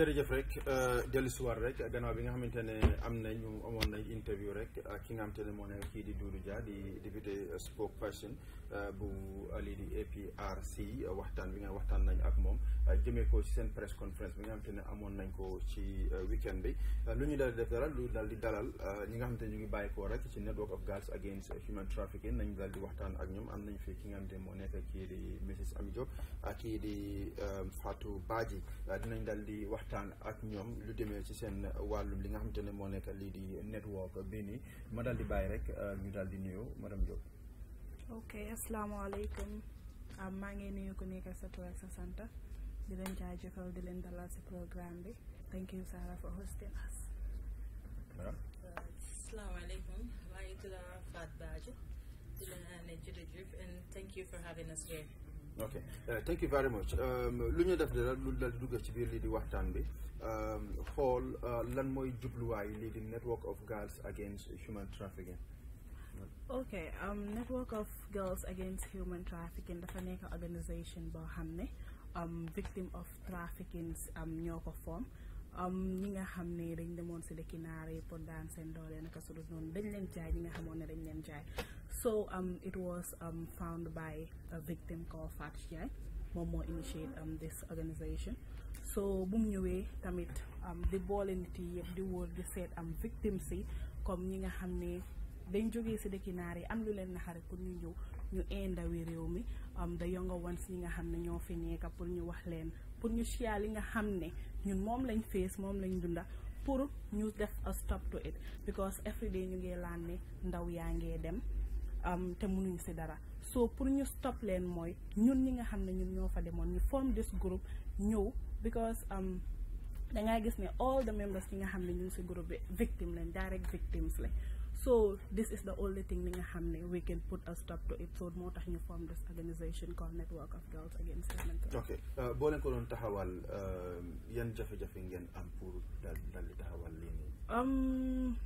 jërëjëf rek euh, dellu si waat rek gannaaw bi nga xamante ne am nañu amoon nañ interview rek ak ki nga ne moo nekk kii di Doudou Dia di député spokesperson euh, bu lii di APRC waxtaan bi nga waxtaan nañ ak moom euh, jëmee ko ci seen press conference bi nga xamante ne amoon nañ ko ci weekend bi lu ñu dal def dara lu dal di dalal ñi nga xamante ne ñu ngi bàyyi ko rek ci network of girls against human trafficking nañ dal di waxtaan ak ñoom am nañ fi ki nga xamante ne moo nekk kii di Mrs Ami Diop ak kii di Fatou Badji dinañ dal di waxtaan waxtaan ak ñoom lu demee ci seen wàllum li nga xamante ne moo nekk lii di network bii nii ma daal di bàyyi rek euh, ñu daal di nuyu madame Diop. ok asalaamaaleykum ah, maa ngi nuyu ku nekk sa tur sa sant di leen jaajëfal di leen dalal si programme bi thank you Sarah for hosting us. ok euh, thank you very much um, lu ñu def dara lu dal dugg ci biir lii di waxtaan bi um, xool uh, lan mooy jubluwaay lii di network of girls against human trafficking. ok um, network of girls against human trafficking dafa nekk organisation boo xam ne victim of trafficking ñoo ko form ñi nga xam ne dañ demoon si dëkki naar yi pour daan seen doole naka su dul noonu dañ leen jaay ñi nga xamoon ne dañ leen jaay. so um, it was um, found by a victim called Fatou Ndiaye moom moo initiate um, this organisation so bu mu ñëwee tamit um, di boole nit yi yëpp di wóor di seet am um, victimes si comme ñi nga xam ne dañ jógee si dëkki naar yi am lu leen naxare pour ñu ñëw ñu indawi réew mi um, the younger ones ñi nga xam ne ñoo fi neeka pour ñu wax leen pour ñu chia li nga xam ne ñun moom lañ fees moom lañ dunda pour ñu def a stop to it because every day ñu ngee laan ndaw yaa ngee dem te mënuñu si dara so pour ñu stop leen mooy ñun ñi nga xam ne ñun ñoo fa demoon ñu form this group ñëw because um, dangaa gis ne all the members yi nga xam ne ñun si groupe bi victime lañ direct victims lañ so this is the only thing li nga xam ne we can put a stop to it so moo tax ñu form this organisation called Network of Girls Against Violence. ok euh, boo leen ko doon taxawal euh, yan jafe-jafe ngeen am pour daal di taxawal lii nii. Um,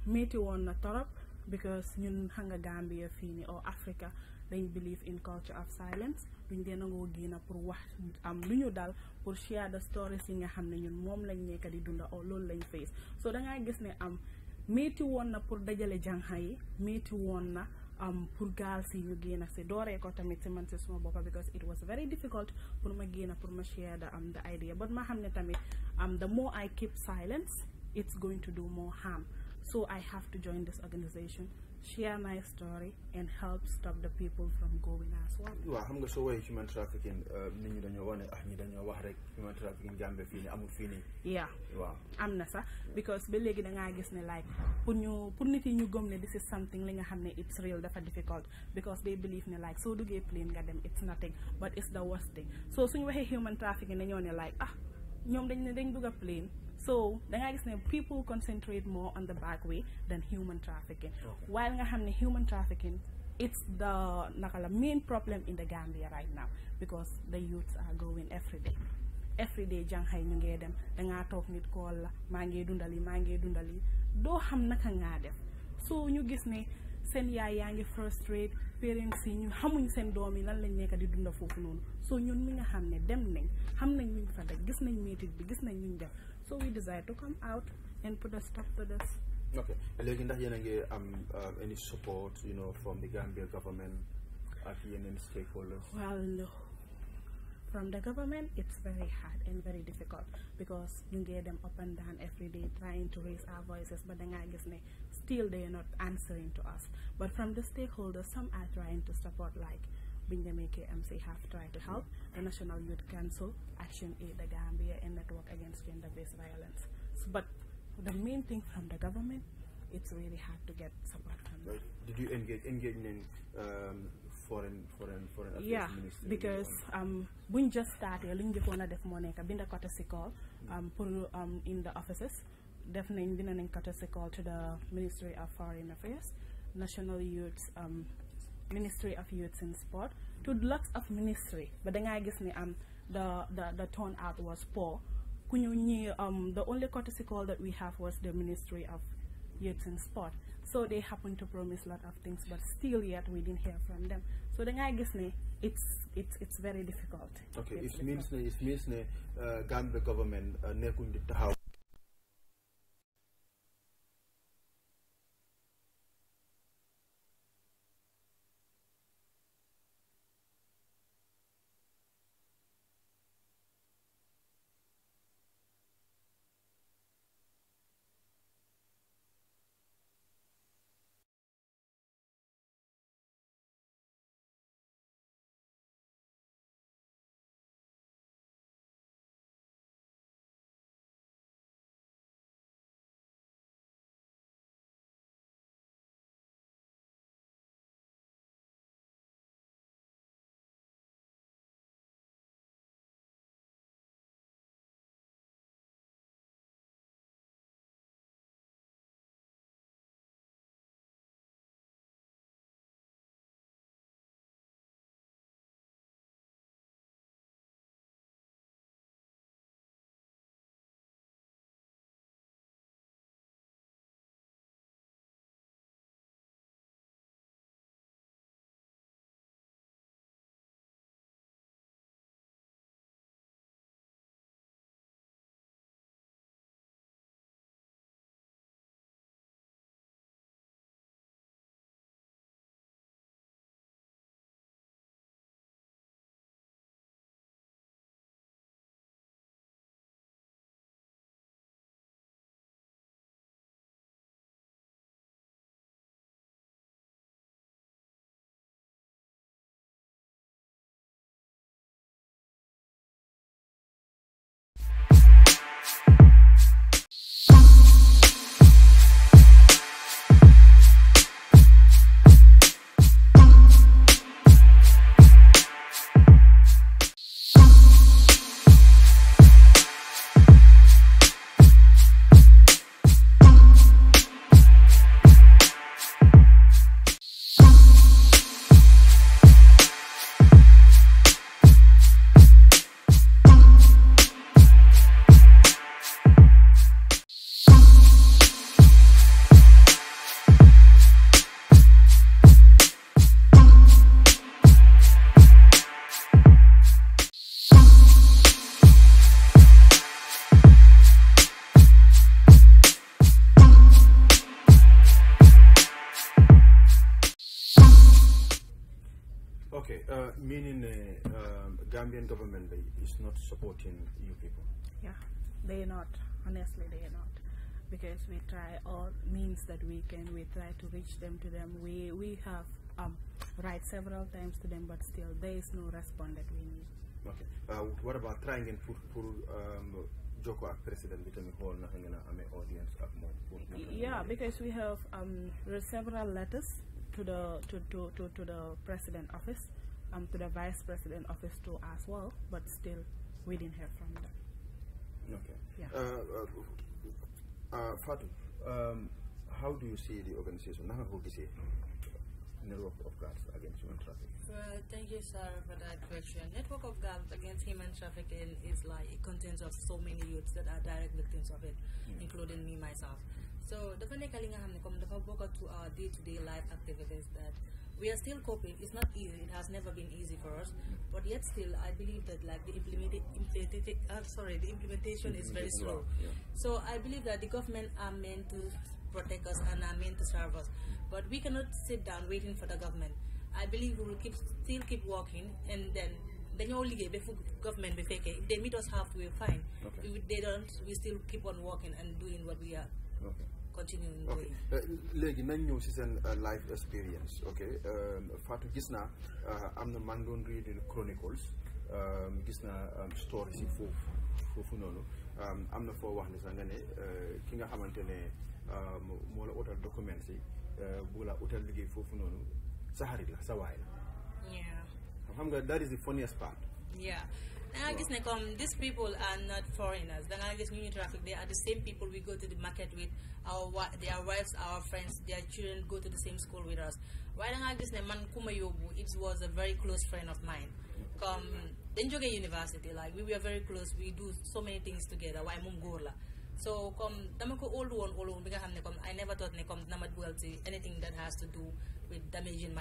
woon na torop. because ñun xam nga Gambia fii ni or Africa dañ believe in culture of silence duñ dee nangoo génn pour wax am lu ñu dal pour share the stories yi nga xam ne ñun moom lañ nekk di dunda or loolu lañ face so dangaa gis ne am métti woon na pour dajale janxa yi métti woon na am pour gaal si ñu génn si dooree ko tamit si man si suma boppa because it was very difficult pour ma génn pour ma share the am the idea but ma xam ne tamit am the more I keep silence it's So I have to join this organization, share my story, and help stop the people from going as so waaw xam nga soo woowee human trafficking euh, nit ñi dañoo wax ne ah dañoo wax rek human trafficking Gambia fii nii amul fii nii. waaw am na ba léegi da ngaa gis ne like pour ñu pour nit ñu gëm ne this is li nga xam ne it's real dafa difficult because they believe ne like soo duggee plane nga dem it's nothing but it's the worst thing so suñu waxee human trafficking dañoo ne like ah, ñoom dañ ne dañ dugg plane. so danga gis ne people concentrate more on the back way than human trafficking okay. while nga xam ne human trafficking it's the naka la main problem in the Gambia right now because the youths are going every day every day jànxay ñu ngee dem dangaa toog nit kool la maa ngee dundali maa ngee dundali doo xam naka ngaa def so ñu gis ne seen yaay yaa ngi frustrate parents yi ñu xamuñ seen doom yi lan lañ nekk di dunda foofu noonu so ñun mi nga xam ne dem nañ xam nañ ñu gis nañ métit bi gis nañ ñu def so we decided to come out and put a stop to this. Okay. Léegi ndax yéen a ngi am euh, any support you know from the Gambia government ak yeneen stakeholders? very hard and very difficult because ñu ngi dem up and down every day trying to raise our voices but dangaa gis ne still they are not answering to us but from the stakeholders some are trying to support like biñ demee KMC have tried to help the National Youth Council, Action Aid the Gambia, and Network Against Gender-Based Violence. So, but the main thing from the government, it's really hard to get support from right. Did you engage, engage in um, foreign foreign foreign affairs yeah, because um, just starté liñ jëkkoon a def moo binda côté call hmm. um, um, in the offices def nañ bind nañ call to the Ministry of Foreign Affairs, National Youth um, Ministry of Youth and Sport to lots of ministry but dangaa gis ni am the the the was poor ku ñu ñi um the only courtesy call that we have was the Ministry of Youth and Sport so they happen to promise a lot of things but still yet we didn't hear from them so dangaa gis ni it's it's it's very difficult. it means ne it means ne uh, Gambia government uh, nekkuñ taxaw le they are not because we try all means that we can we try to reach them to them we have um, write several times to them but there is no response that we need uh, what about trying and pour pour um, a amee audience ak moom yeah because um, the president office to the vice president office too as well but still we didn't hear from them Okay. Yeah. Uh, uh, uh, Fatou, um, how do you see the organization? Now, who is it? Network of Guards Against Human Trafficking. Well, uh, thank you, sir, for that question. Network of Guards Against Human Trafficking is like it contains of so many youths that are direct victims of it, mm. including me myself. So, dafa nekk li nga xam ne comme dafa bokk to our day-to-day life activities that we are still coping. It's not easy. It has never been easy for us. But yet still, I believe that uh, the implementation, is very slow. So I believe that the government are meant to protect us and are meant to serve us. But we cannot sit down waiting for the government. I believe we will keep still keep working and then dañoo liggéey ba fu government bi fekkee if they meet us halfway fine. Okay. and doing what we are. continue ok euh, léegi nañ ñëw si seen euh, life experience ok euh, Fatou gis naa am na maa ngi doon reading chronicles gis naa story si foofu noonu am na foo wax ne sax nga ne ki nga xamante ne moo la utal documents yi bu la utal liggéey foofu noonu sa xarit la sa waay la. xam nga that is the funniest part. yeah danga gis ne comme um, these people are not foreigners danga gis ñu ñu traffic they are the same people we go to the market with their wives our friends their children go to the same school with us waaye danga gis ne man kuma yóbbu it was a very close friend of mine comme dañ jógee university like we were very close we do so many things together waaye moom góor la so comme dama ko old woon old bi nga xam ne comme I never thought ne comme dama dugal ci anything that has to do with damaging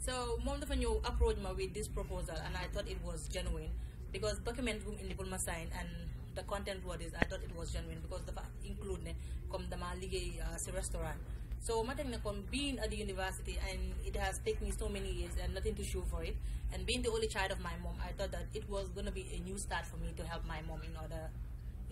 so moom dafa ñëw approach ma with this proposal and I thought it was genuine because document bu mu indi pour ma sign and the content word is I thought it was genuine because dafa include ne comme dama liggéey uh, si restaurant so ma teg ne kon being at the university and it has taken me so many years and nothing to show for it and being the only child of my mom I thought that it was gonna be a new start for me to help my mom in other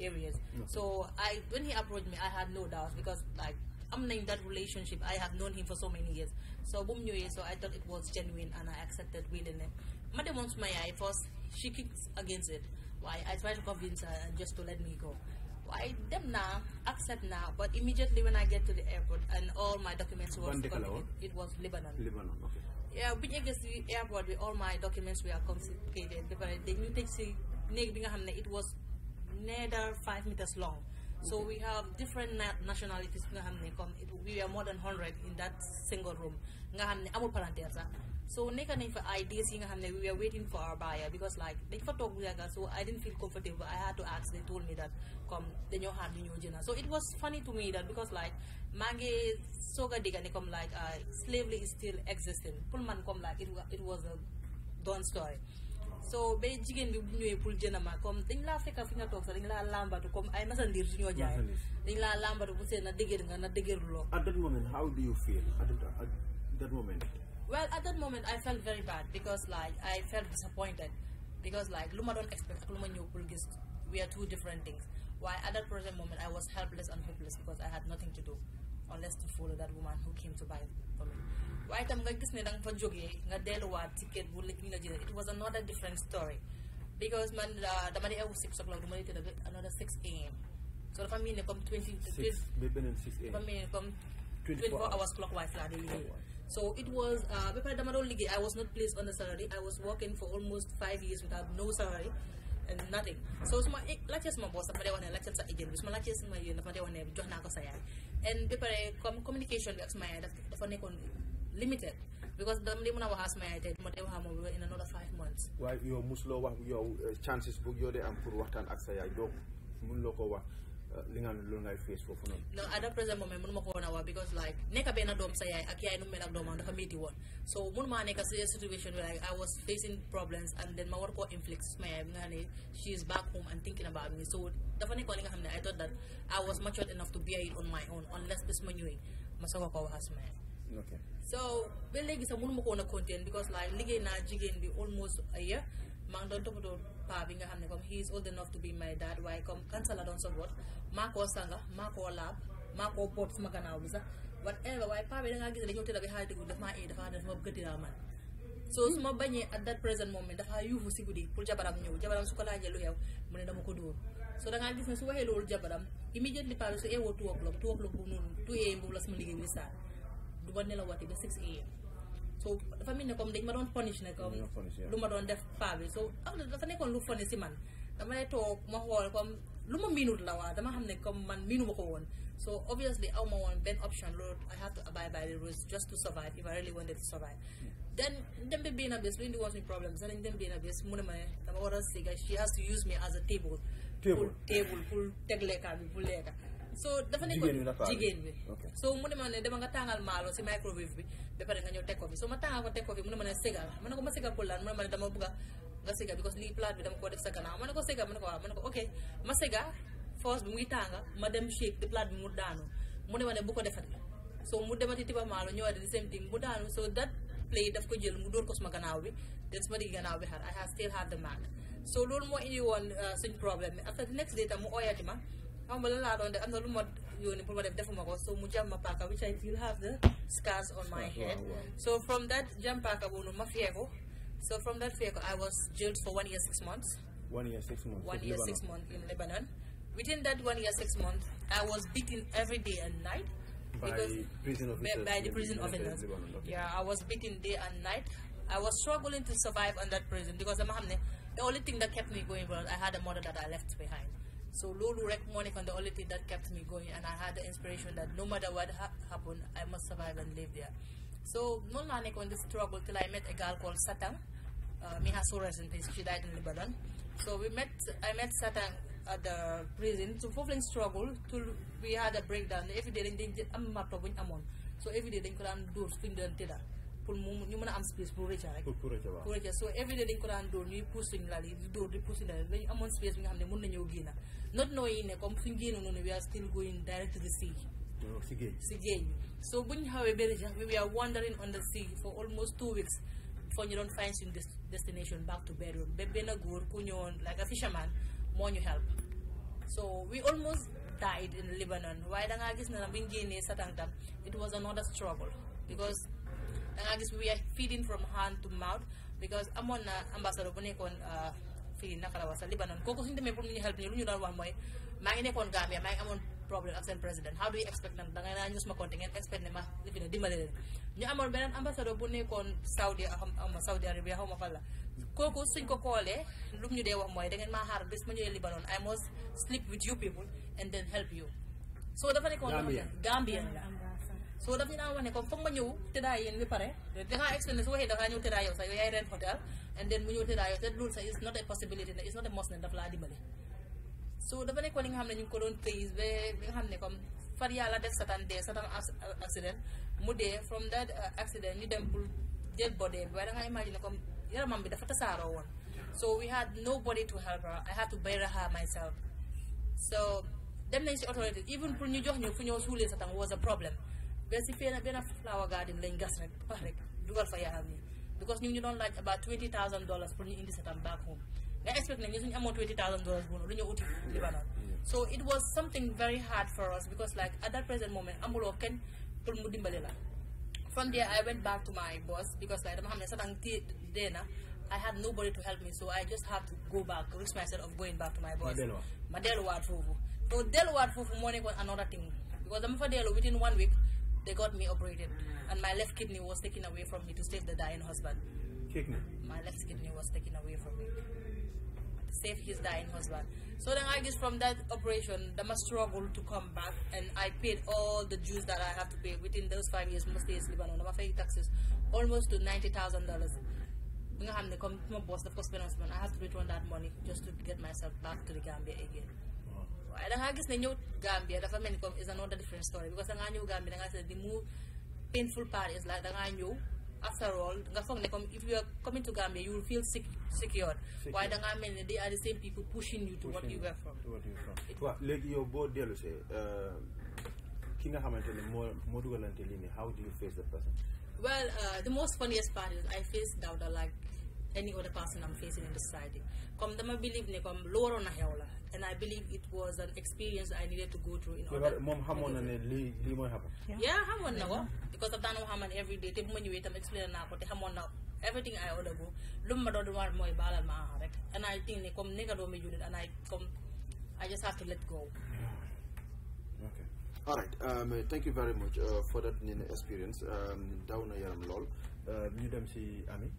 areas. Mm -hmm. So I when he approached me I had no doubts because like am nañ that relationship I have known him for so many years so bu mu ñëwee so I thought it was genuine and I accepted willingly ma demoon suma yaay first she kicks against it waaye I try to convince her just to let me go waaye dem naa accept naa but immediately when I get to the airport and all my documents was it was Lebanon Lebanon yeah bu ñu eggee bi all my documents were confiscated ba pare dañu bi nga xam ne it was near five meters long So we have different nationalities nga xam ne comme we are more than hundred in that single room nga xam ne amul palanteer sax so nekk nañ fa ideas yi nga xam ne we were waiting for our buyer because like dañ fa toog bu yàgga so I didn't feel comfortable I had to ask they told me that comme dañoo xaar ñu ñoo jëna so it was funny to me that because like maa ngi soog a digga ne comme like uh, slavery is still existing pour man comme like it was a done story so ba jigéen bi bu ñëwee pour jënd ma comme dañ laa fekka fi nga toog sax dañ laa làmbatu comme ay masandiir su ñoo jaay dañ laa làmbatu bu seen na dëgër nga na dëgër loo at that moment how do you feel at that moment well at that I felt very bad because like I felt disappointed because like lu ma doon expect ak lu ma ñëw pour gis we are two different things waaye at that present moment I was helpless and hopeless because I had nothing to do unless to follow waaye tam nga gis ne da fa jógee nga delluwaat ticket bu léegi ñu la jëlee it was another different story because man dama di ewu oh, six o'clock dama di comme twenty dafa mel four hours clockwise laa day liggéey so it was uh, ba dama doon liggéey I was not placed on a salary I was working for almost five years without no salary and nothing so su ma eh, laajtee suma boss dafa dee wax ne laajteel sa agent bi su ma laajtee suma yéen dafa dee wax ne jox naa ko sa yaay and comme communication bi dafa nekkoon limited because dam li mën a wax ak sama yaay tey dama dee wax ak moom in another five months. waaye yow musuloo wax yow eh, chances bu yow dee am pour waxtaan ak sa yaay doo mënuloo ko wax eh, li nga loolu ngay face foofu noonu. non à ko a wax because like doom sa yaay ak yaay nu mel ak doomam dafa métti woon so mënuma nekk si situation like I was facing problems and then ma war koo inflict sama yaay bi nga ne she is back home and thinking about me so I thought that I was matured enough to bear it on my own ma ñëwee ma soog a ko so ba léegi sax mënuma ko woon a contain because like liggéey naa jigéen bi almost a year maa ngi doon toppatoo paa nga xam ne comme he is old enough to be my dad waaye comme cancer la doon support maa koo sanga maa koo laab maa koo boot suma gannaaw bi sax whatever waaye paa bi ne dañoo tëdda eh, jabaram ñëw jabaram su ko laajee lu xew mu ne dama ko dóor so dangaa gis ne su waxee loolu jabaram immediately paa bi su eewoo two o'clock two o'clock boobu noonu two am boobu la suma liggéey bi di du ma nelawati ba 6 am so dafa mel ne comme dañ ma doon punish ne comme lu ma doon def paa bi so ah, dafa nekkoon lu fone si man dama lay toog ma xool comme lu ma miinut la waa dama xam ne comme man miinu ko woon so obviously aw ma woon benn option loolu I have to abide by the rules just to survive if I really wanted to survive hmm. then dem ba benn bés lu indi woon suñu problème sax nañ dem benn bés mu ne ma dama war a siga she has to use me as a table table table pour teg lekka so dafa nekkoon jigéen bi so mu ne ma ne dama nga tàngal maalo si microwave bi ba pare nga ñëw teg ko fi so ma tàngal ko teg ko fi mu ne ma ne ségal ma ne ko ma ségal a nga ségal because lii plate force bi muy tànga ma dem shake di plate bi mu daanu mu ne ma ne bu ko defat so mu demati tiba maalo ñëwaat di same thing mu daanu so that play daf ko jël mu dóor ko suma gannaaw bi dem suma digg gannaaw bi xar I have still had the mark so loolu moo indi woon euh, suñ problème bi after next day tam mu ooyati ma xam nga lan laa doon na lu ma yónni pour ma def defuma ko so mu jam ma paaka which I still have the scars on my head from that jam paaka boobu ma fiyee ko so from that fiyee ko I was jailed for one year six months one year six months one six months in Lebanon within that one year six months I was beaten every day and night by prison officers by the prison a yeah I was beaten day and night I was struggling to survive on that prison because dama xam ne the only thing that kept me going I had a mother so loolu rek moo nekkoon the only thing that kept me going and I had the inspiration that no matter what ha happened I must survive and live there so noonu laa nekkoon the struggle till I met a girl called Satang uh, may her soul rest in peace she died in Lebanon so we met I met Satang at the prison so foofu lañ struggle till we had a breakdown every day dañ dañ am marto buñ ñu amoon so every day dañ ko daan dóor fu ñu doon tëdda pour mu ñu mën a am space pour rëcca rek pour rëcca so everyday dañ ko daan dóor ñuy pousse suñu lal yi di dóor di pousse suñu lal yi dañu amoon space bi nga xam ne mën nañoo génn not noo yi ne comme suñ génn noonu we are still going direct to the sea si géej si géej so buñ xawee benn jax bi we are wandering on the sea for almost two weeks foo ñu doon find suñu destination back to bedroom ba benn góor ku ñëwoon like a fisherman moo ñu help so we almost died in Lebanon waaye dangaa gis na na bi ñu génnee satantam it was another struggle because dangaa gis we are feeding from hand to mouth because amoon na ambassador bu nekkoon uh, fii naka la wax sa Libanon kooku suñu demee pour lu ñu doon wax mooy maa maa ngi amoon ma compte ñu uh, la kooku suñ ko koolee lu mu ñu dee wax mooy da ngeen maa xaar bis ma ñëwee Libanon I must sleep with you people and then help you so dafa nekkoon Gambian soo daf ñu daan wax ne comme foog ma ñëw tëddaay yéen yaay rent hotel and then mu ñëw tëddaay yow te loolu sax is not a possibility ne is not a must ne daf laa dimbale so dafa nekkoon li xam ne ñu ko doon tëyis nga xam ne comme far yàlla def satan dee satan accident mu dee from that uh, accident ñu dem pour jël bodee bi waaye dangaa imagine comme yaramam bi dafa tasaaroo woon so we had nobody to help her I had to bury her myself so dem nañ si autorité even pour ñu jox ñu fu ñoo suulee satan was a problem benn si fee na benn flower garden lañ gas rek pax rek dugal because so it was something very hard for us because like at that present moment amuloo kenn pour mu dimbali la from there I went back to my boss because like dama xam ne satang ti dee na I had nobody to help me so I just had to go back risk myself of going back to my boss ma delluwaat foofu so delluwaat foofu moo nekkoon another thing because dama fa dellu within one week they got me operated, and my left kidney was taken away from me to save the dying husband. Kidney. My left kidney was taken away from me to save his dying husband. So then I guess from that operation, the must struggle to come back, and I paid all the dues that I have to pay within those five years. Mostly in Lebanon, I paid taxes almost to ninety thousand dollars. I have to return that money just to get myself back to the Gambia again. waaye dangaa gis ne ñëw Gambia dafa mel ni comme is another different story because dangaa ñëw Gambia dangaa seet di mu painful part is like dangaa ñëw after all nga foog ne comme if you are coming to Gambia you will feel secure waaye dangaa mel ne they are the same people pushing you to what you were léegi yow boo dellu see uh, ki nga xamante ne moo moo dugalante lii nii how do you face the person well uh, the most funniest part I face Dawda like any other person I'm facing in the society. Come, them I believe ne come lower on a hell and I believe it was an experience I needed to go through in order. Mom, hamon and li li mo happen. Yeah, hamon yeah. na because I've done hamon every day. Tip mo niwit, I'm explaining na ko Tip hamon na everything I order go. Lum ma dodo war mo ibala ma harek. And I think ne come nega do me unit and I come. I just have to let go. Okay. All right. Um, thank you very much uh, for that experience. Um, down a si Ami.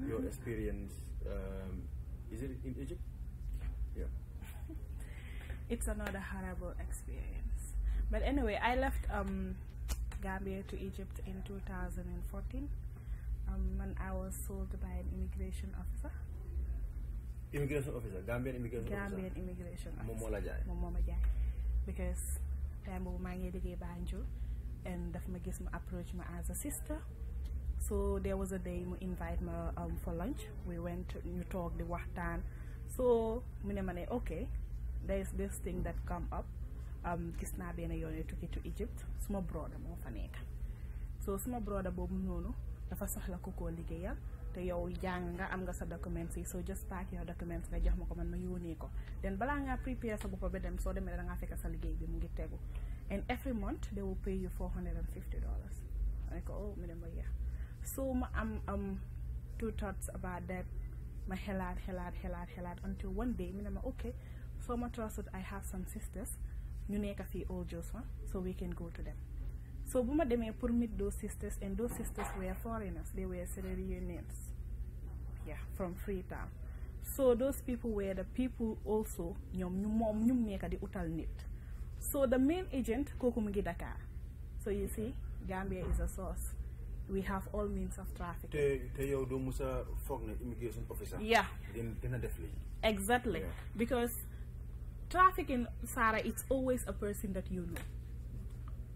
your experience um, is it in Egypt? Yeah. it's another horrible experience. But anyway, I left um, to Egypt in 2014 um, when I was sold by an immigration officer. Immigration officer, Gambian immigration immigration officer. Momo Lajai. Momo Lajai. Because time boobu maa ngi liggéey Banjul and daf ma gis ma approach ma as a sister. so there was a day mu invite ma um, for lunch we went ñu toog di waxtaan so mu ne ma ne ok there is this thing that come up um, gis naa benn yoon tukki to Egypt suma broda moo fa nekk so suma broda boobu noonu dafa soxla ku ko liggéeyal te yow jàng nga am nga sa documents yi so just pack your documents nga jox ma ko man ma yónnee ko den balaa ngaa prepare sa boppa ba dem soo demee da ngaa fekk sa liggéey bi mu ngi tegu and every month they will pay you ne ko oh so ma am um, two thoughts about that ma xelaat xelaat xelaat xelaat until one day mi ne ma ok so ma trusted I have some sisters ñu nekk fii Old Joshua so we can go to them so bu ma demee pour meet those sisters and those sisters were foreigners they were Sierra-Leoneans yeah from Freetown so those people were the people also ñoom ñu moom ñu nekk di utal nit so the main agent kooku mu ngi Dakar so you see Gambia is a source we have all means of traffic. te te yow doo musa foog ne immigration officer. yeah dina def lii. exactly because trafficking Sarah it's always a person that you know.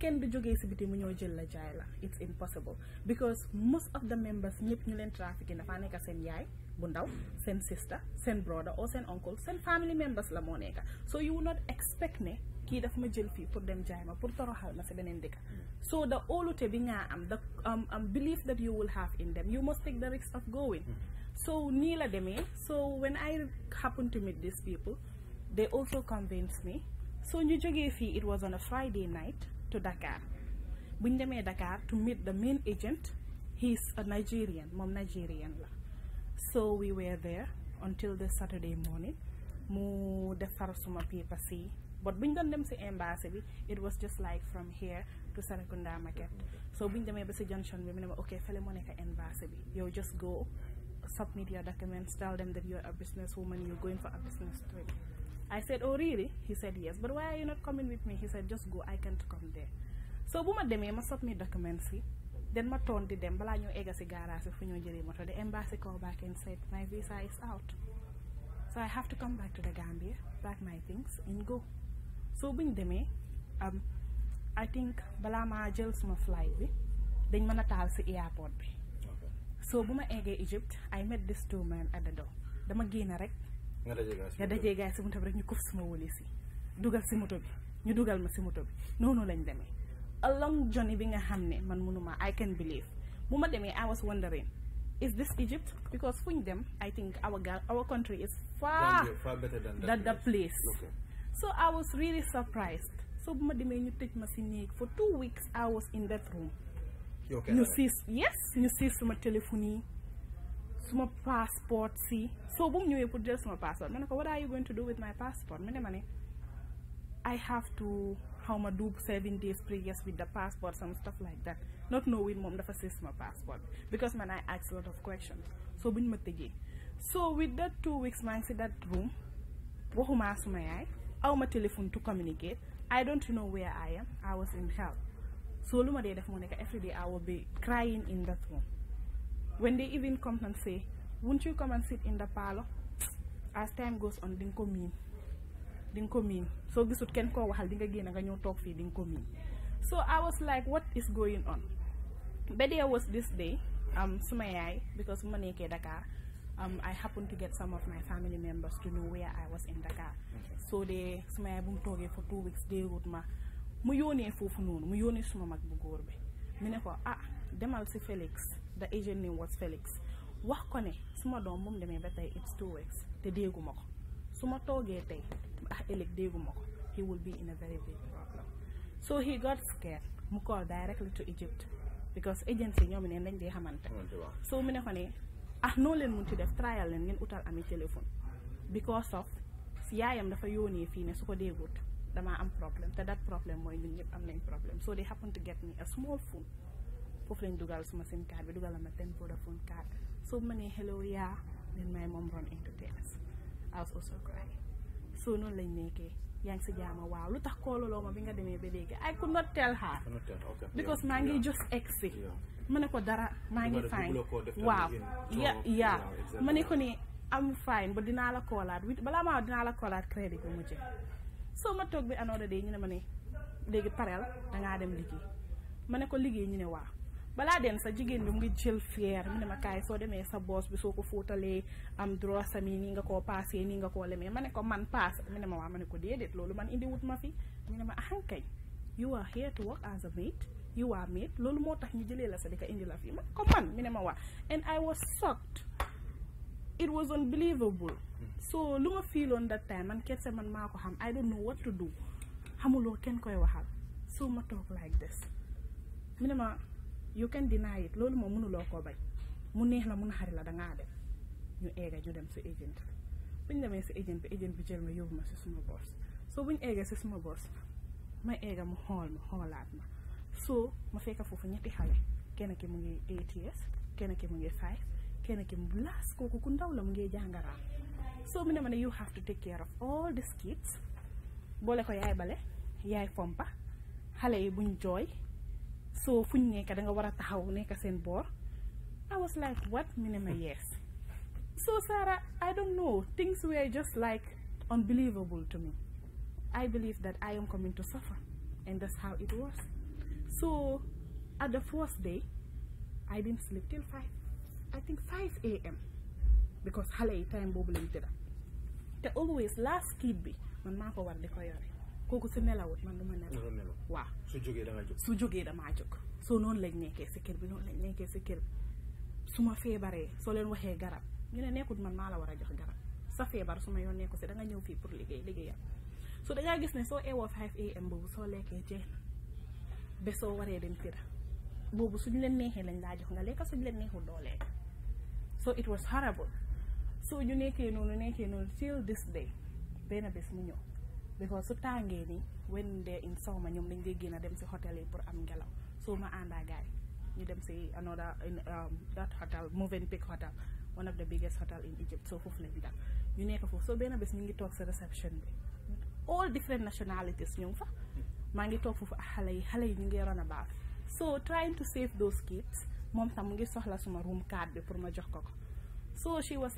kenn du jógee si biti mu ñoo jël la jaay la it's impossible because most of the members ñëpp ñu leen trafficking dafaa nekk seen yaay bu ndaw seen sister seen brother or seen uncle seen family members la moo nekk so you will not expect ne. kii daf ma jël fii pour dem jaay ma pour toroxal ma si beneen dëkk so the óolute bi nga am the um, um, belief that you will have in them you must take the risk of going so nii la demee so when I happen to meet these people they also convinced me so ñu jógee fii it was on a Friday night to Dakar bu ñu demee Dakar to meet the main agent he's a Nigerian moom Nigerian la so we were there until the Saturday morning mu defar suma paper si but buñ doon dem si embassy bi it was just like from here to Serekunda market so buñ demee ba si junction bi mu ne ma ok fële moo nekk embassy bi yow just go submit your documents tell them that you're a business woman you're going for a business trip I said oh really he said yes but why you not coming with me he said just go I can't come there so bu ma demee ma submit documents yi then ma toon di dem balaa ñoo egga si garage fu ñoo jëlee moto the embassy so bu ñu demee am um, I think balaa ma jël suma flight bi dañ mën a taal si airport bi so bu ma eggee Egypte I met these two men at the door dama génn rek nga dajee gaay si moto bi rek ñu kuf suma wóli si dugal si moto bi ñu dugal ma si moto bi noonu lañ demee a long journey bi nga xam ne man mënuma I can believe bu ma demee I was wondering is this Egypt because fu ñu dem I think our our country is far. that, that place. so I was really surprised so bu ma demee ñu tëj ma si néeg for two weeks I was in that room ñu siis yes ñu siis suma téléphone yi suma passport si so bu mu ñëwee pour jël suma passport ma ko what are you going to ma ne I have xaw ma do seven days previous with the passport some stuff like that not knowing suma passport because a lot ma tëjee so with that two weeks maa ngi si that room waxuma suma yaay awma téléphone to communicate I don't know where I am I was in hell so lu ma dee def moo nekk every day I will be crying in that room when they even come and say won't you come and in the parlor as time goes on dinga ko miin dinga ko miin soo gisut kenn ko waxal di nga génn nga ñëw toog fii dinga ko miin so I was like what is going on but there was this day um suma yaay because bu ma nekkee Dakar um, I happened to get some of my family members to know where I was in Dakar. Okay. So they suma yaay bu mu toogee for two weeks day wut ma mu yónnee foofu noonu mu yónnee suma mag bu góor bi mu ne ko ah demal si Felix the agent name was Felix wax ko ne suma doom mu demee ba tey it's two weeks te dégguma ko su ma toogee tey ah ëllëg dégguma ko he will be in a very big so he got scared mu call directly to Egypt because agency ñoom ne nañ dee xamante so ah noo leen mun ci def trial leen ngeen utal ami téléphone because of yaayam dafa yónnee fii ne su ko déegut damaa am problème te dat problème mooy ñun ñëpp am nañ problème so they happen to get me a small phone foofu lañ dugal suma sim card bi dugal ma ten Vodafone card so bu ma nee hello yaa then my mom run into tears I was so noonu lañ nekkee yaa ngi si jaama waaw lu tax kóoluloo ma bi nga demee ba léegi I could not tell her because maa ngi just egsi ma ne ko dara maa ngi fine waaw ya yaa ma ne ko ni am fine ba dinaa la koolaat wi balaa maa dinaa la koolaat crédit bi mujje so ma toog bi another day ñu ne ma ne léegi pareel dangaa dem liggéey ma ne ko liggéey ñu ne waaw balaa den sa jigéen bi mu ngi jël fier mu ne ma kaay soo demee sa bos bi soo ko fóotalee am droit sami nii nga koo paasee nii nga koo lemee ma ne ko man paas mu ne ma waa ma ne ko déedéet loolu man indi wut ma fi mu ne ma ahankay you are here to work as a maid you are maid loolu moo tax ñu jëlee la sa di indi la fi ma ne ko man mu ne ma waa and I was shocked it was unbelievable so lu ma fiiloon that time man kese man maa ko xam I don't know what to do xamuloo kenn koy waxal so ma toog you can deny it loolu moom mënuloo koo bañ mu neex la mu naxari la dangaa dem ñu eega ñu dem si agent bi buñ demee si agent bi agent bi jël ma yóbbu ma si suma boss so buñ eegee si suma boss ma eega mu xool ma xoolaat ma so ma fekk foofu ñetti xale kenn ki mu ngi eight kenn ki mu ngi five kenn ki mu laas kooku ku ndaw la mu ngi jàngaraam so mu ne ma ne you have to take care of all these kids boole ko yaay bale yaay pompa xale yi buñ jooy soo fuñ nekk da war a taxaw nekk seen boor I was like what mu ne ma yes so Sarah I don't know things were just like unbelievable to me I believe that I am coming to suffer and that's how it was so at the first day I didn't sleep till five I think five a.m. because xale yi time boobu lañ tëdda te always last kid bi man maa ko war di ko yore kooku si nelawut man du ma nelaw waaw su su jógee damaa jóg soo noonu lañ nekkee si kër bi noonu lañ nekkee si kër bi su ma feebaree soo leen waxee garab ñu ne nekkut man maa la war a jox garab sa feebar su ma yoon nekku si da ñëw fii pour liggéey liggéeyam su dangaa gis ne soo eewoo 5 am boobu soo lekkee jeex na ba soo waree dem tëra boobu suñu leen neexee lañ laa jox nga lekka suñu leen neexul doo lekk so it was horrible soo ñu nekkee noonu nekkee noonu till this day benn bés mu ñëw because su tàngee nii when they in summer ñoom lañ dee génn dem si hôtel yi pour am ngelaw so ma àndaa gaay ñu dem si another in um, that hotel Movenpick hotel one of the biggest hotel in Egypt so foofu lañ dal ñu nekk foofu so benn bis ñu ngi toog si reception bi all different nationalities ñu fa maa ngi toog foofu xale yi xale yi ñu ngi run about so trying to save those kids moom sax mu ngi soxla suma room card bi pour ma jox ko ko so she was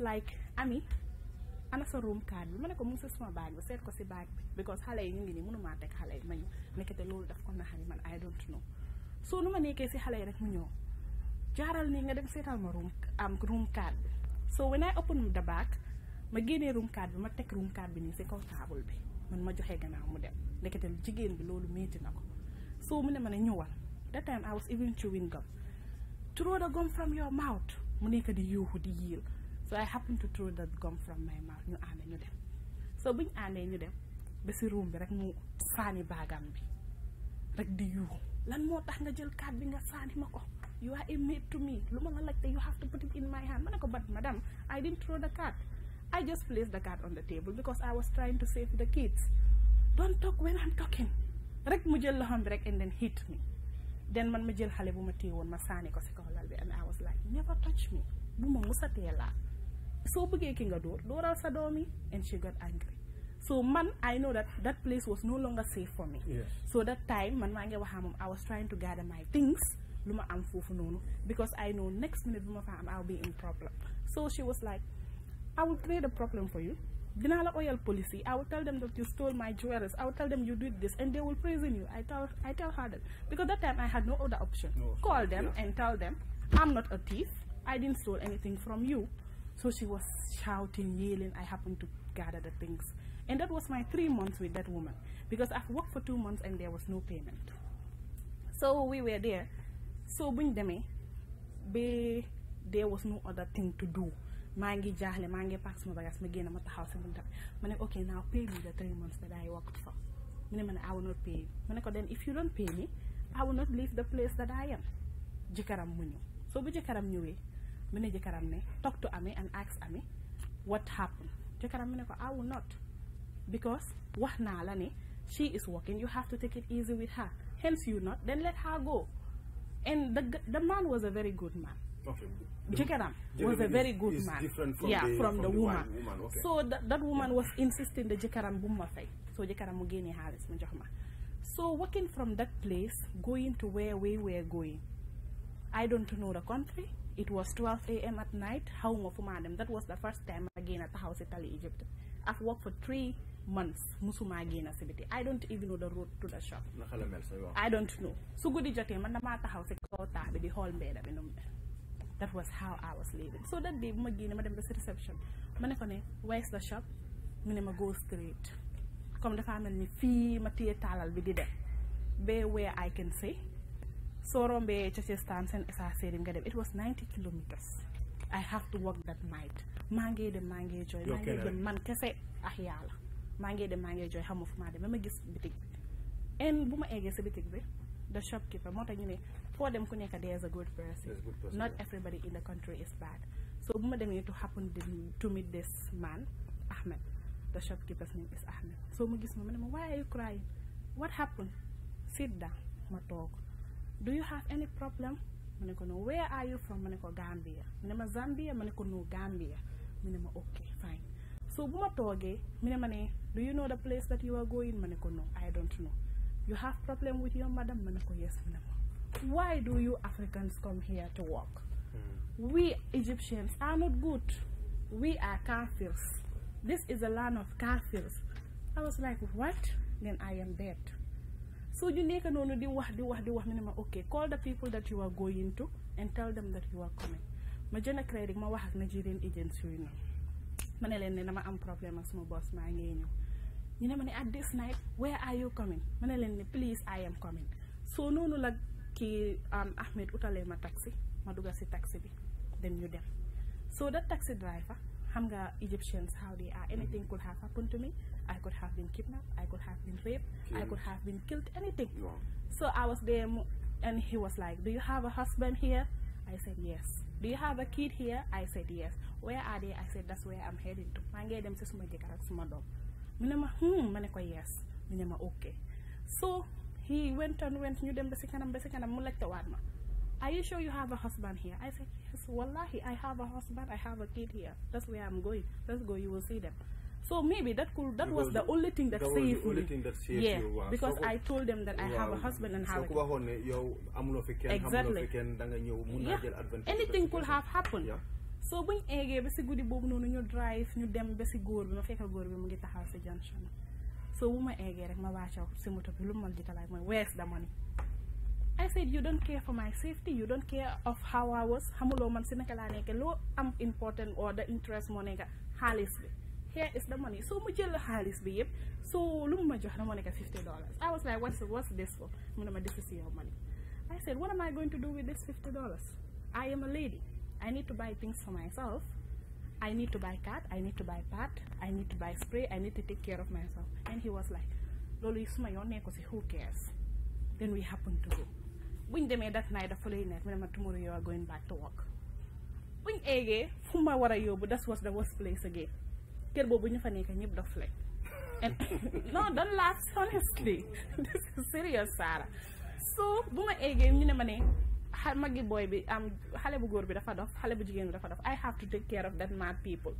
ana sa room card bi ma ne ko mu ngi si sama baag bi seet ko si baag bi because xale yi ñu ngi nii mënumaa teg xale yi ma ñëw nekkete loolu daf ko naxari man I don't know soo nu ma nekkee si xale yi rek mu ñëw jaaral nii nga dem seetal ma room am room card bi so when I open the bag ma génnee room card bi ma teg room card bi nii si kaw table bi man ma joxe gannaaw mu dem nekkete jigéen bi loolu métti na ko so mu ne ma ne ñëwal that time I was even chewing gum throw the mu nekk di yuuxu di yiil so I happen to throw that gum from my mouth ñu ànd ñu dem so buñ àndee ñu dem ba si room bi rek mu sànni baagam bi rek di yuuxu lan moo tax nga jël carte bi nga sànni ma ko you are a maid to me lu ma la laajte you have to put it in my hand ma ne ko but madam I didn't throw the card I just placed the card on the table because I was trying to save the kids don't talk when I'm talking rek mu jël loxoom bi rek and then hit me then man ma jël xale bu ma téye woon ma sànni ko si I was like never laa soo bëggee ki nga dóor dóoral sa doom yi and she got angry so man I know that that place was no longer safe for me so that time man maa ngi waxaa moom I was trying to gather my things lu ma am foofu noonu because I know next minute bu ma fa am I'll be in problem so she was like I will create a problem for you dinaa la oyal police yi I will tell them that you stole my jewelry I will tell them you did this and they will prison you I tell her that So she was shouting, yelling. I happened to gather the things. And that was my three months with that woman because I've worked for two months and there was no payment. So we were there. So buñ demee ba there was no other thing to do. maa ngi jaaxle maa ngi paak sama bagage ma génn ma taxaw si bunta ma ne ok now pay me the three months that I worked for mu ne ma ne I will not pay you ne ko dem if you don't pay me I will not leave the place that I am bu jëkkëram ñëwee mu ne jëkkëram ne talk to Ami and ask Ami what happened jëkkëram mu ne ko I will not because wax naa la ne she is working you have to take it easy with her hence you not then let her go and the man was a very good man. Okay. Jikaram was a very good man. From yeah, the, from, from the, woman. So that, woman was insisting the Jikaram bumma fay. So Jikaram mugini halis manjohma. So working from that place, going to where we were going, I don't know the country, it was 12 a.m. at night xawma fu maa dem that was the first time ma génn taxaw si tali Egypt I've worked for three months musuma génn si biti I don't even know the road to the shop I don't know su guddi jotee man damaa taxaw si kaw taax bi di xool mbeeda bi nu mu mel that was how I was living so that day bu ma génne ma dem ba si reception ma ne ko ne where's the shop mu ne ma go straight comme dafa mel ni fii ma téye taalal bi di dem ba where I can say soo rombee Chechestand seen essence yi nga dem it was 90 kilometers I have to walk that night maa ngee dem maa ngee jooy maa ngee dem man kese ak yàlla maa ngee dem maa ngee jooy xamu fu maa dem ba ma gis bitig bi bu ma eggee sa bitig bi the shopkeeper moo tax ñu ne foo dem ku nekk there is a good person not everybody in the country is bad so bu ma demee to happen to meet this man Ahmed the shopkeeper's name is mu gis ma ma ne ma why are you crying what happened sit do you have any problem mu ne ko no where are you from mu ne ko Gambia mu ne ma Zambia mu ne ko no Gambia mu ne ma ok fine so bu ma toogee mu ne ma ne do you know the place that you are going ma ne ko no I don't know you have problem with your madam ma ne ko yes ma why do you Africans come here to work hmm. we Egyptians are not good we are kafirs this is a land of kafirs I was like what then I am dead so ñu nekk noonu di wax di wax di wax mu ne ma ok call the people that you are going to and tell them that you are coming ma a crédit ma wax ak Nigerian agents yooyu noonu ma ne leen ne dama am problème ak suma boss maa ngi ñëw ñu ne ma ne at this night where are you coming ma ne leen ne please I am coming so noonu la kii um, Ahmed utalee ma taxi ma dugg si taxi bi dem ñu dem so that taxi fa xam nga Egyptians how they are ah, mhm. anything could have happened to me I could have been kidnapped I could have been raped I could have been killed anything so I was there and he was like do you have a husband here I said yes do you have a kid here I said yes where are they I said that's where I'm heading to maa ngi dem si suma jëkkër ak suma doom mu ne ma hmm ma ne ko yes mu ne ma ok so he went and went ñu dem ba si kanam ba si kanam mu laajte waat ma are you sure you have a husband here? I said, yes, wallahi, I have a husband, I have a kid here. That's where I'm going. Let's go, you will see them. So maybe that could that because was the only thing that, that saved me. Thing that saved yeah, you, wow. because so, I told them that wow. I have a husband and have so, a kid. Yeah. Anything could have happened. So buñ eggee ba si guddi boobu noonu ñu drive ñu dem ba si góor bi ma fekk góor bi mu ngi taxaw si junction so bu ma eggee rek ma wàccaw si lu ma mooy where's the money I said you don't care for my safety you don't care of how I was xamuloo man si naka laa nekk loo am important or the interest moo nekk xaalis bi here is the money so mu jël xaalis bi yëpp so lu mu ma jox la moo nekk fifty dollars I was like what's this for mu ne ma this is your money I said what am I going to do with this fifty dollars I am a lady I need to buy things for myself I need to buy cat I need to buy pad I need to buy spray I need yoon nekku si who cares buñ demee that night the following night mu ne ma tomorrow you are going back to work buñ eegee fu ma war a yóbbu that was the worst place again kër boobu ñu fa nekk ñëpp dof lañ and no don't laugh honestly this is serious Sara so bu ma eegee ñu ne ma ne xale magi booy bi am xale bu góor bi dafa dof xale bu jigéen bi dafa dof I have to take care of that mad people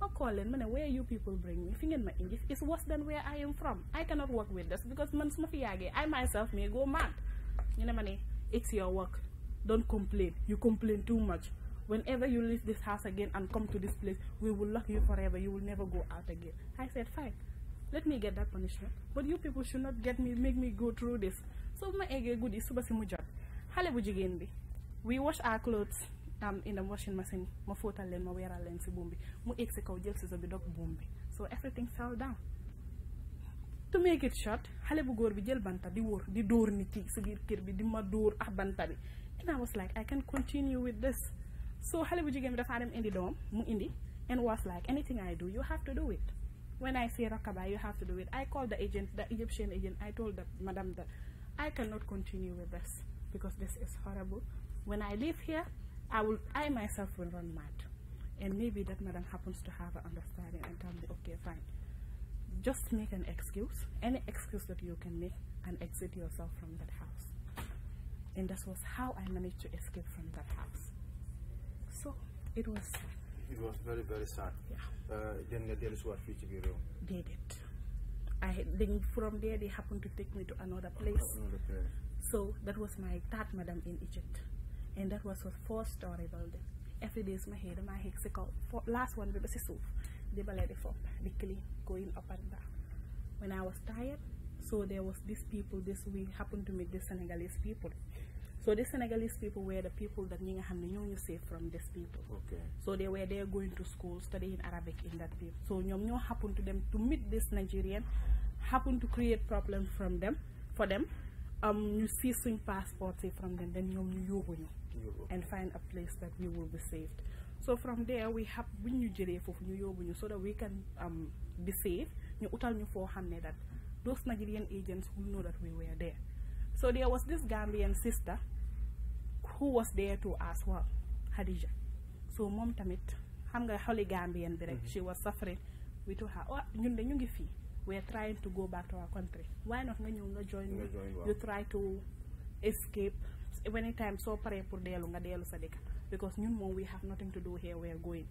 ma call leen ma ne where you people bring me fi ngeen ma indi is worse than where I am from I cannot work man su ma fi yàggee I myself may ñu ne ma ne it's your work don't complain you complain too much whenever you leave this house again and come to this place we will lock you forever you will never go out again I said fine let me get that punishment but you people should not get me make me go through this so bu ma eggee guddi suba si mu jot xale bu jigéen bi we wash our clothes um, in the washing machine ma fóotal leen ma weeral leen si buum bi mu egg si kaw jël si sa bi dog buum bi so everything fell to make it short xale bu góor bi jël banta di wóor di dóor nit ki si biir kër bi di ma dóor ah banta bi and I was like I can continue with this so xale bu jigéen bi dafaa dem indi doom mu indi and was like anything I do you have to do it when I say rakaba you have to do it I called the agent the Egyptian agent I told the madam that I cannot continue with this because this is horrible when I leave here I will I myself will run mad and maybe that just make an excuse any excuse that you can make and exit yourself from that house and that was how I managed to escape from that house so it was it was then uh, nga dellu si waat then from there they happened to take me to oh, another place so that was my third madam in Egypt and that was a four story building every day su ma xëyee damaa xëy si kaw last one bi ba si suuf the ballet up the going up and down when i was tired so there was these people this we happened to meet the senegalese people so the Senegalese people were the people that Ninga Hamino you say from these people. Okay. So they were there going to school, studying Arabic in that people. So Nyomnyo happened to them to meet this Nigerian, happened to create problems from them for them. Um you see from them, then Nyom you and find a place that we so from there we have buñ ñu jëlee foofu ñu yóbbu ñu so that we can um, ñu utal ñu foo xam ne that those Nigerian agents will know that we were there so there was this Gambian sister who was there to as well Khadija so moom tamit xam nga xoli Gambian bi rek mhm. she was suffering we told her oh ñu ngi fii we are trying to go back to our country why not nga ñëw nga join you try to escape anytime soo paree pour dellu nga dellu sa dëkk because ñun moom we have nothing to do here we are going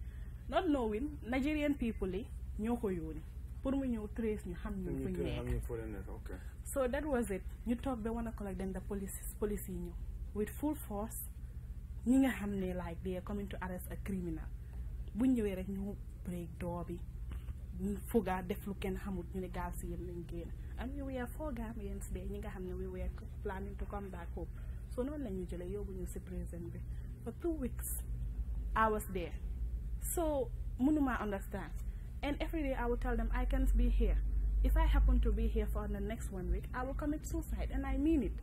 not knowing Nigerian people yi ñoo ko yóoni pour mu ñëw trace ñu xam ñu fu ñu nekk so that was ñu toog ba one o'clock dem the police yi ñëw with full force ñi nga xam ne like they are coming to arrest a criminal buñ ñëwee rek ñu break door bi ñu fugaa def lu kenn xamut ñu ne gaal si yëpp nañ génn am ñu weer four Gambians de ñi nga xam ne we were planning to come back home so noonu la ñuy jëlee yóbbu ñu si prison bi for two weeks I was there so mënuma understand and every day I would tell them I can't be here if I happen to be here for the next one week I will commit suicide and I mean it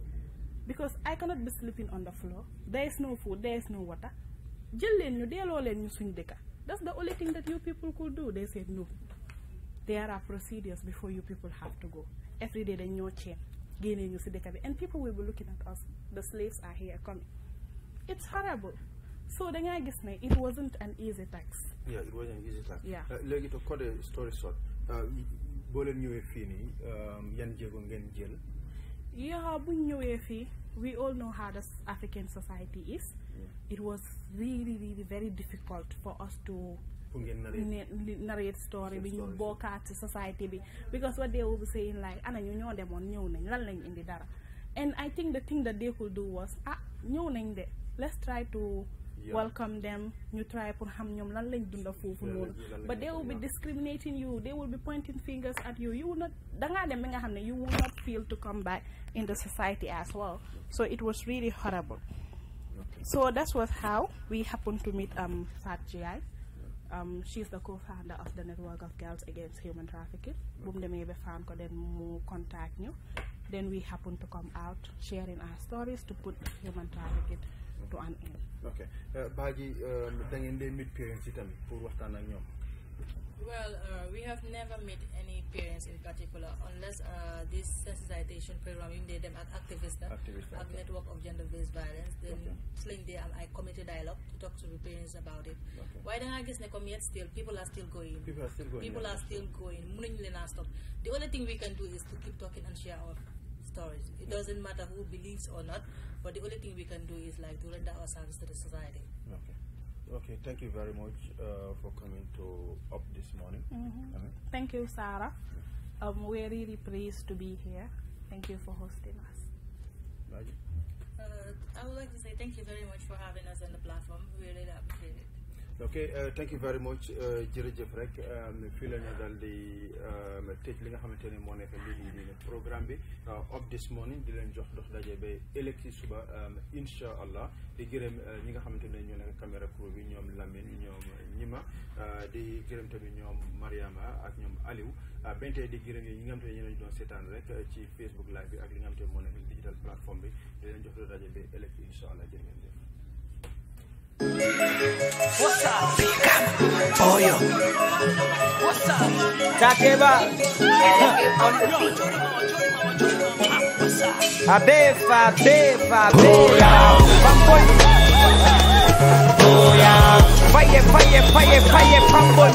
because I cannot be sleeping on the floor there is no food there is no water jël leen ñu delloo leen ñu suñ dëkka that's the only thing that you people could do they said no there are procedures before you people have to go every dañ ñoo chain génnee ñu si dëkk bi and people will be looking at us the slaves are here coming it's horrible so danga gis ne it wasn't an easy task. yeah it wasn't an easy task. yeah uh, léegi to cut the story short uh, boo leen ñëwee fii nii um, yan jéego ngeen jël. yeah buñ ñëwee fii we all know how the African society is. it was really really very difficult for us to. pour ngeen narrate story bi ñu bokkaat ci society bi because what they will be saying like ana ñu ñoo demoon ñëw nañ lan lañ indi dara and I think the thing that they could do was ah ñëw nañ de let's try to welcome them ñu try pour xam ñoom lan lañ dunda foofu noonu but they will be discriminating you they will be pointing fingers at you you will not dangaa dem bi nga xam ne you will not feel to come back in the society as well so it was really horrible so that was how we Um, she's the co-founder of the network of girls against human trafficking bu mu demee ba found ko den mu contact ñu then we happen to come out sharing our stories to put human trafficking to an end. ok uh, Badji um, da ngeen dee meet tamit pour waxtaan ak ñoom. Well, uh, we have never met any parents in particular, unless uh, this sensitization program, you need them at Activista, Activista at okay. Network of Gender-Based Violence, then okay. sling there, I committed dialogue to talk to the parents about it. Okay. Why don't I guess they yet still, people are still going. People are still going. People yeah. are stop. The only thing we can do is to keep talking and share our stories. It doesn't matter who believes or not, but the only Okay, thank you very much uh, for coming to up this morning. Mm -hmm. uh -huh. Thank you, Sarah. Um, we're really pleased to be here. Thank you for hosting us. Uh, I would like to say thank you very much for having us on the platform. We really appreciate it. ok uh, thank you very much euh, jërëjëf rek euh, fii la ñu daal di euh, tëj li nga xamante ne moo nekk lii di programme bi of this morning di leen jox dox daje ba ëllëg suba incha allah di gërëm ñi nga xamante ne ñoo nekk caméra crew bi ñoom Lamine ñoom Ñima di gërëm tamit ñoom Mariama ak ñoom Aliou benn tey di gërëm yi ñu nga xamante ne ñu doon seetaan rek ci Facebook live bi ak li nga xamante ne moo nekk digital platform bi di leen jox dox daje ba ëllëg incha allah jërë Pollo. Takeba. Abefa, abefa, abefa. Pambol. Vai, vai, vai, vai, vai, pambol.